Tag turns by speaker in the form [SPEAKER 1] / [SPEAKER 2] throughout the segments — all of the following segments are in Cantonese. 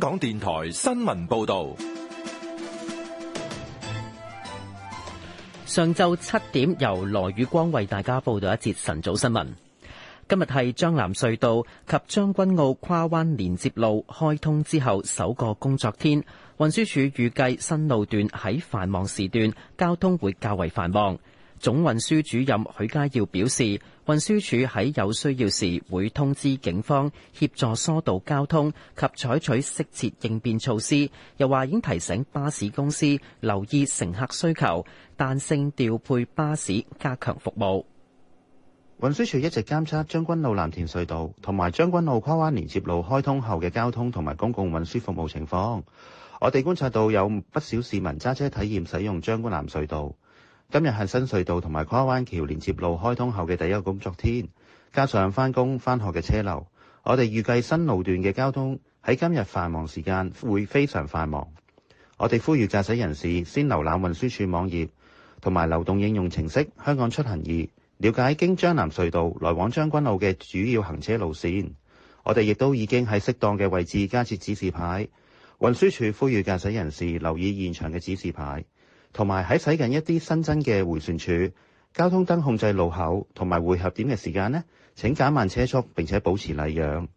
[SPEAKER 1] 香港電
[SPEAKER 2] 台新聞報道：
[SPEAKER 3] 上晝七點，由羅宇光為大家報道一節晨早新聞。今日係將藍隧道及將軍澳跨灣連接路開通之後首個工作天，運輸署預計新路段喺繁忙時段交通會較為繁忙。總運輸主任許家耀表示，運輸署喺有需要時會通知警方協助疏導交通及採取適切應變措施。又話已提醒巴士公司留意乘客需求，彈
[SPEAKER 1] 性調配巴士加強服務。運輸署一直監測將軍澳藍田隧道同埋將軍澳跨灣連接路開通後嘅交通同埋公共運輸服務情況。我哋觀察到有不少市民揸車體驗使用將軍藍隧道。今日係新隧道同埋跨灣橋連接路開通後嘅第一個工作天，加上返工返學嘅車流，我哋預計新路段嘅交通喺今日繁忙時間會非常繁忙。我哋呼籲駕駛人士先瀏覽運輸署網頁同埋流動應用程式《香港出行易》，了解經張南隧道來往將軍澳嘅主要行車路綫。我哋亦都已經喺適當嘅位置加設指示牌。運輸署呼籲駕駛人士留意現場嘅指示牌。同埋喺駛近一啲新增嘅回旋處、交通燈控制路口同埋匯合點嘅時間呢，請減慢車速，並且保持禮讓。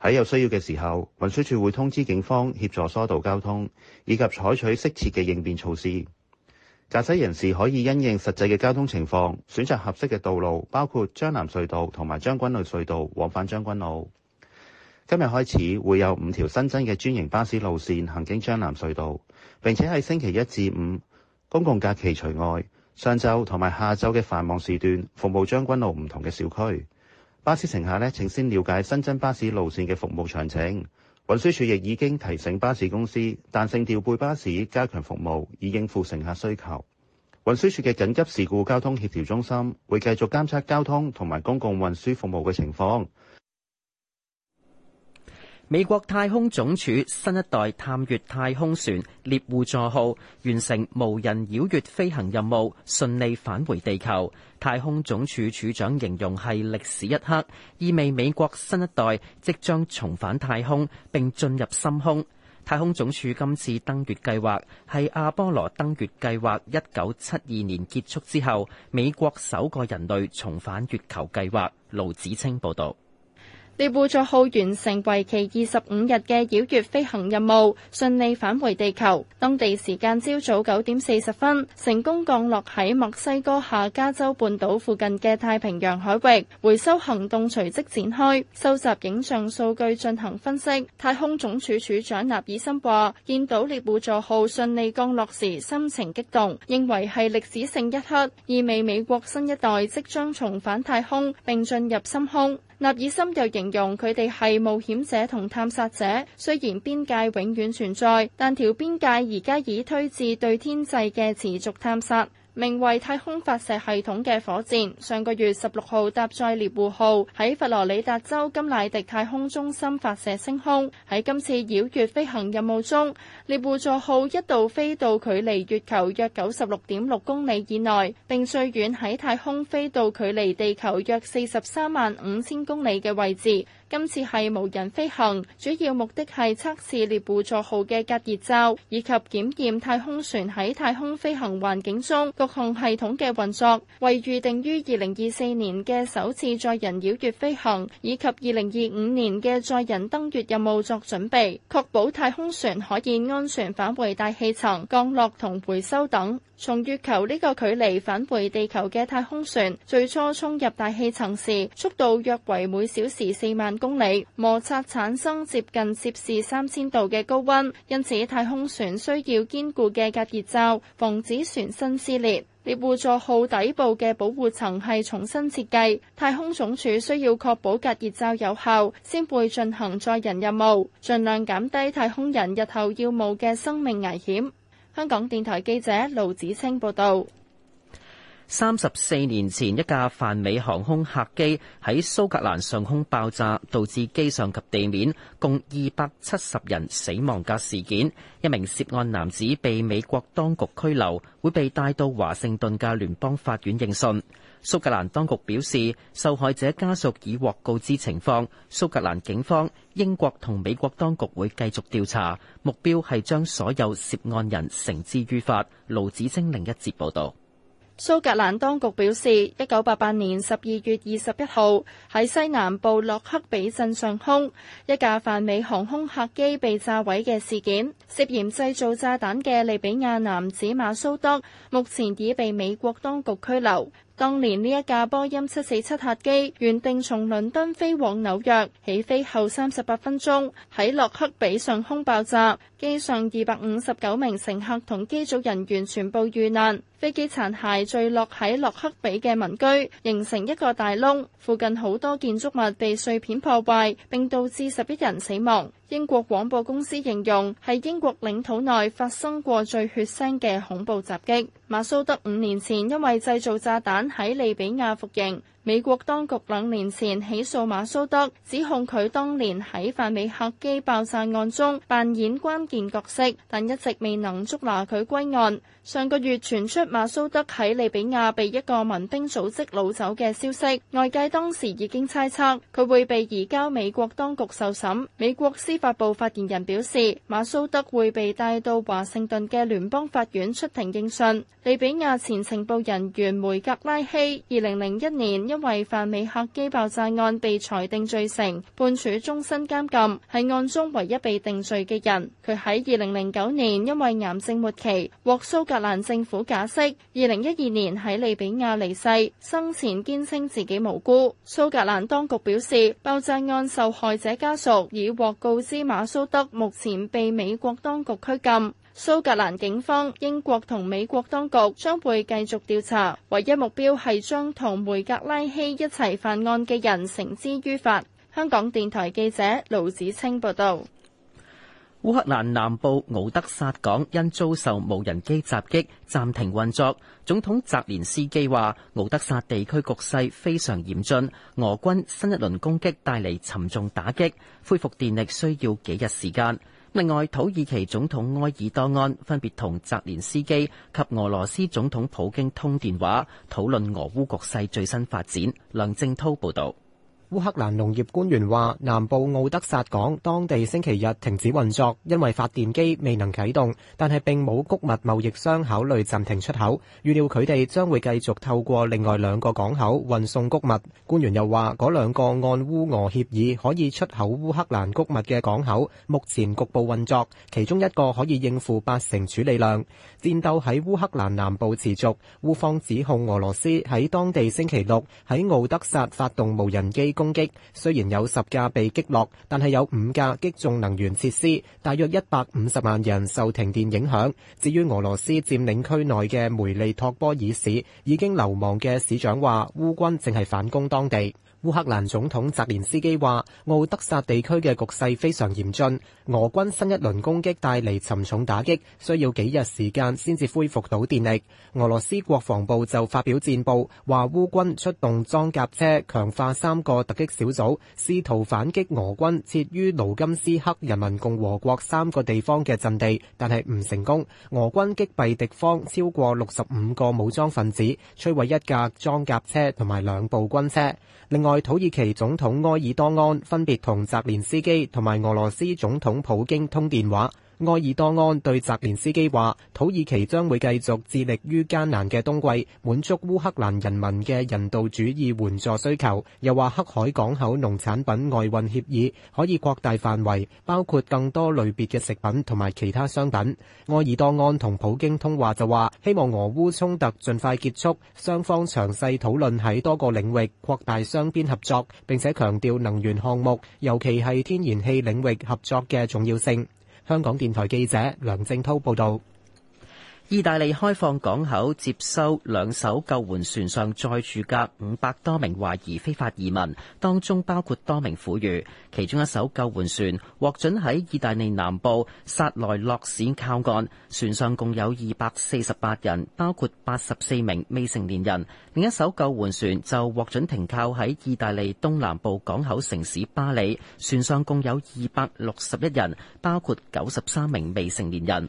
[SPEAKER 1] 喺有需要嘅時候，運輸署會通知警方協助疏導交通，以及採取適切嘅應變措施。駕駛人士可以因應實際嘅交通情況，選擇合適嘅道路，包括將南隧道同埋將軍澳隧道往返將軍澳。今日開始會有五條新增嘅專營巴士路線行經將南隧道，並且喺星期一至五，公共假期除外，上晝同埋下晝嘅繁忙時段，服務將軍澳唔同嘅小區。巴士乘客咧，請先了解新增巴士路線嘅服務詳情。運輸署亦已經提醒巴士公司，彈性調配巴士，加強服務以應付乘客需求。運輸署嘅緊急事故交通協調中心會繼續監察交通同埋公共運輸服務嘅情況。
[SPEAKER 3] 美國太空總署新一代探月太空船獵戶座號完成無人繞月飛行任務，順利返回地球。太空總署署長形容係歷史一刻，意味美國新一代即將重返太空並進入深空。太空總署今次登月計劃係阿波羅登月計劃一九七二年結束之後，美國首個人類重返月球計劃。盧子清報道。
[SPEAKER 4] 獵戶座號完成為期二十五日嘅繞月飛行任務，順利返回地球。當地時間朝早九點四十分，成功降落喺墨西哥下加州半島附近嘅太平洋海域，回收行動隨即展開，收集影像數據進行分析。太空總署署長納爾森話，見到獵戶座號順利降落時，心情激動，認為係歷史性一刻，意味美，美國新一代即將重返太空，並進入深空。納爾森又形容佢哋係冒險者同探索者，雖然邊界永遠存在，但條邊界而家已推至對天際嘅持續探索。名為太空發射系統嘅火箭，上個月十六號搭載獵戶號喺佛羅里達州金乃迪太空中心發射升空。喺今次繞月飛行任務中，獵戶座號一度飛到距離月球約九十六點六公里以內，並最遠喺太空飛到距離地球約四十三萬五千公里嘅位置。今次係無人飛行，主要目的係測試獵戶座號嘅隔熱罩，以及檢驗太空船喺太空飛行環境中各系統嘅運作，為預定於2024年嘅首次載人繞月飛行，以及2025年嘅載人登月任務作準備，確保太空船可以安全返回大氣層、降落同回收等。從月球呢個距離返回地球嘅太空船，最初衝入大氣層時速度約為每小時四萬公里摩擦產生接近攝氏三千度嘅高温，因此太空船需要堅固嘅隔熱罩，防止船身撕裂。獵戶座號底部嘅保護層係重新設計。太空總署需要確保隔熱罩有效，先會進行載人任務，盡量減低太空人日後要冒嘅生命危險。香港電台記者盧子清報道。
[SPEAKER 3] 三十四年前，一架泛美航空客機喺蘇格蘭上空爆炸，導致機上及地面共二百七十人死亡嘅事件。一名涉案男子被美國當局拘留，會被帶到華盛頓嘅聯邦法院應訊。蘇格蘭當局表示，受害者家屬已獲告知情況，蘇格蘭警方、英國同美國當局會繼續調查，目標係將所有涉案人繩之於法。盧子晶另一節報道。
[SPEAKER 4] 蘇格蘭當局表示，一九八八年十二月二十一號喺西南部洛克比鎮上空一架泛美航空客機被炸毀嘅事件，涉嫌製造炸彈嘅利比亞男子馬蘇德，目前已被美國當局拘留。當年呢一架波音七四七客機原定從倫敦飛往紐約，起飛後三十八分鐘，喺洛克比上空爆炸，機上二百五十九名乘客同機組人員全部遇難。飛機殘骸墜落喺洛克比嘅民居，形成一個大窿，附近好多建築物被碎片破壞，並導致十一人死亡。英國廣播公司形容係英國領土內發生過最血腥嘅恐怖襲擊。馬蘇德五年前因為製造炸彈喺利比亞服刑。美國當局兩年前起訴馬蘇德，指控佢當年喺泛美客機爆炸案中扮演關鍵角色，但一直未能捉拿佢歸案。上個月傳出馬蘇德喺利比亞被一個民兵組織擄走嘅消息，外界當時已經猜測佢會被移交美國當局受審。美國司法部發言人表示，馬蘇德會被帶到華盛頓嘅聯邦法院出庭應訊。利比亞前情報人員梅格拉希，二零零一年，因為泛美客機爆炸案被裁定罪成，判處終身監禁，係案中唯一被定罪嘅人。佢喺二零零九年因為癌症末期獲蘇格蘭政府假釋，二零一二年喺利比亞離世，生前堅稱自己無辜。蘇格蘭當局表示，爆炸案受害者家屬已獲告知，馬蘇德目前被美國當局拘禁。蘇格蘭警方、英國同美國當局將會繼續調查唯一目標係將同梅格拉希一齊犯案嘅人繩之於法。香港電台記者盧子清報道。
[SPEAKER 3] 烏克蘭南部奧德薩港因遭受無人機襲擊，暫停運作。總統澤連斯基話，奧德薩地區局勢非常嚴峻，俄軍新一輪攻擊帶嚟沉重打擊，恢復電力需要幾日時間。另外，土耳其總統埃爾多安分別同澤連斯基及俄羅斯總統普京通
[SPEAKER 2] 電話，討論俄烏局勢最新發展。梁正濤報道。烏克蘭農業官員話，南部奧德薩港，當地星期日停止運作，因為發電機未能啟動，但係並冇谷物貿易商考慮暫停出口，預料佢哋將會繼續透過另外兩個港口運送谷物。官員又話，嗰兩個按烏俄協議可以出口烏克蘭谷物嘅港口，目前局部運作，其中一個可以應付八成處理量。戰鬥喺烏克蘭南部持續，烏方指控俄羅斯喺當地星期六，喺奧德薩發動無人機。攻擊雖然有十架被擊落，但係有五架擊中能源設施，大約一百五十萬人受停電影響。至於俄羅斯佔領區內嘅梅利托波爾市，已經流亡嘅市長話烏軍正係反攻當地。烏克蘭總統澤連斯基話，奧德薩地區嘅局勢非常嚴峻，俄軍新一輪攻擊帶嚟沉重打擊，需要幾日時間先至恢復到電力。俄羅斯國防部就發表戰報，話烏軍出動裝甲車，強化三個突擊小組，試圖反擊俄軍設於盧甘斯克人民共和國三個地方嘅陣地，但係唔成功。俄軍擊斃敵，敵方超過六十五個武裝分子，摧毀一架裝甲車同埋兩部軍車。另外，土耳其總統埃爾多安分別同澤連斯基同埋俄羅斯總統普京通電話。埃爾多安對澤連斯基話：土耳其將會繼續致力於艱難嘅冬季，滿足烏克蘭人民嘅人道主義援助需求。又話黑海港口農產品外運協議可以擴大範圍，包括更多類別嘅食品同埋其他商品。埃爾多安同普京通話就話，希望俄烏衝突盡快結束，雙方詳細討論喺多個領域擴大雙邊合作，並且強調能源項目，尤其係天然氣領域合作嘅重要性。香港電台記者梁正濤報道。意大利開放港口接收兩
[SPEAKER 3] 艘救援船上載住嘅五百多名懷疑非法移民，當中包括多名婦孺。其中一艘救援船獲准喺意大利南部薩萊諾縣靠岸，ok、ang，船上共有二百四十八人，包括八十四名未成年人。另一艘救援船就獲准停靠喺意大利東南部港口城市巴里，船上共有二百六十一人，包括九十三名未成年人。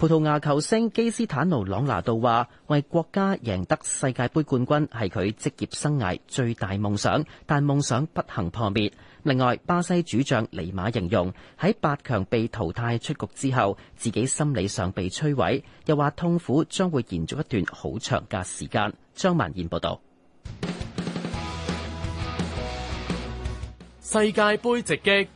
[SPEAKER 3] 葡萄牙球星基斯坦奴·朗拿度話：為國家贏得世界杯冠軍係佢職業生涯最大夢想，但夢想不幸破滅。另外，巴西主將尼馬形容喺八強被淘汰出局之後，自己心理上被摧毀，又話痛苦將會延續一段好長嘅時間。張曼燕報道。世
[SPEAKER 2] 界杯直擊。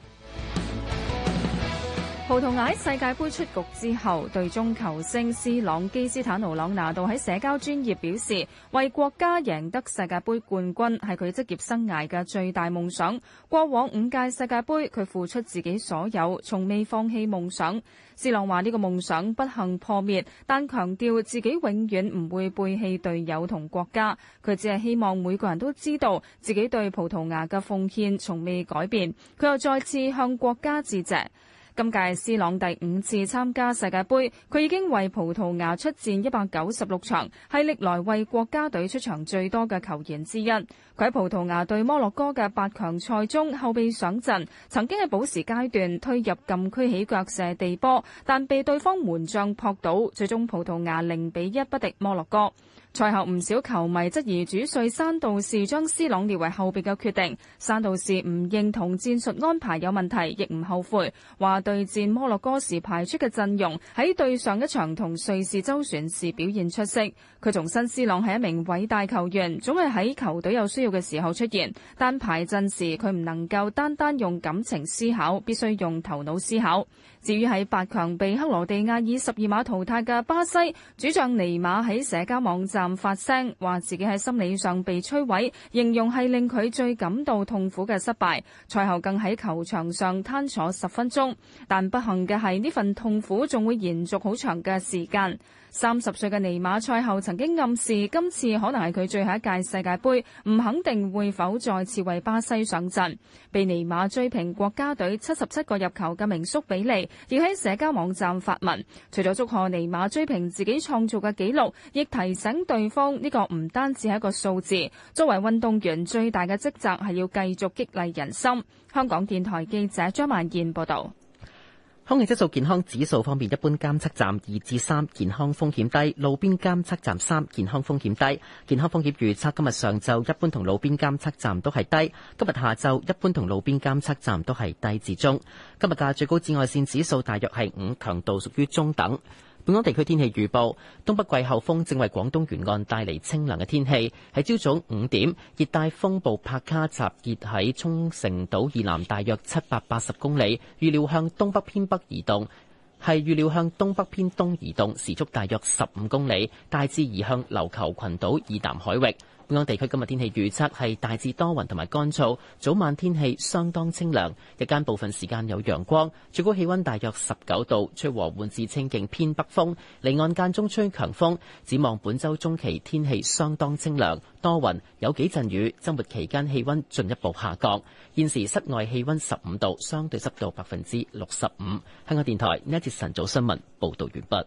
[SPEAKER 3] 葡
[SPEAKER 5] 萄牙世界杯出局之後，隊中球星斯朗基斯坦奴朗拿度喺社交專頁表示，為國家贏得世界杯冠軍係佢職業生涯嘅最大夢想。過往五屆世界杯，佢付出自己所有，從未放棄夢想。斯朗話呢個夢想不幸破滅，但強調自己永遠唔會背棄隊友同國家。佢只係希望每個人都知道自己對葡萄牙嘅奉獻從未改變。佢又再次向國家致謝。今屆斯朗第五次參加世界杯，佢已經為葡萄牙出戰一百九十六場，係歷來為國家隊出場最多嘅球員之一。佢喺葡萄牙對摩洛哥嘅八強賽中後備上陣，曾經喺補時階段推入禁區起腳射地波，但被對方門將撲倒，最終葡萄牙零比一不敵摩洛哥。賽後唔少球迷質疑主帥山道士將斯朗列為後備嘅決定，山道士唔認同戰術安排有問題，亦唔後悔。話對戰摩洛哥時排出嘅陣容喺對上一場同瑞士周旋時表現出色。佢重申斯朗係一名偉大球員，總係喺球隊有需要嘅時候出現。但排陣時佢唔能夠單單用感情思考，必須用頭腦思考。至於喺八強被克羅地亞以十二碼淘汰嘅巴西主將尼馬喺社交網站發聲，話自己喺心理上被摧毀，形容係令佢最感到痛苦嘅失敗。賽後更喺球場上癱坐十分鐘，但不幸嘅係呢份痛苦仲會延續好長嘅時間。三十歲嘅尼馬賽後曾經暗示今次可能係佢最後一屆世界盃，唔肯定會否再次為巴西上陣。被尼馬追平國家隊七十七個入球嘅名宿比利，亦喺社交網站發文，除咗祝賀尼馬追平自己創造嘅紀錄，亦提醒對方呢個唔單止係一個數字，作為運動員最大嘅職責係要繼續激勵人心。香港電台記者張萬健報道。
[SPEAKER 3] 空氣質素健康指數方面，一般監測站二至三，健康風險低；路邊監測站三，健康風險低。健康風險預測今日上晝一般同路邊監測站都係低，今日下晝一般同路邊監測站都係低至中。今日嘅最高紫外線指數大約係五，強度屬於中等。本港地區天氣預報，東北季候風正為廣東沿岸帶嚟清涼嘅天氣。喺朝早五點，熱帶風暴帕卡集結喺沖繩島以南大約七百八十公里，預料向東北偏北移動，係預料向東北偏東移動，時速大約十五公里，大致移向琉球群島以南海域。本港地區今日天氣預測係大致多雲同埋乾燥，早晚天氣相當清涼，日間部分時間有陽光，最高氣溫大約十九度，吹和緩至清勁偏北風，離岸間中吹強風。展望本周中期天氣相當清涼，多雲，有幾陣雨，周末期間氣溫進一步下降。現時室外氣溫十五度，相對濕度百分之六十五。香港電台呢一節晨早新聞報道完畢。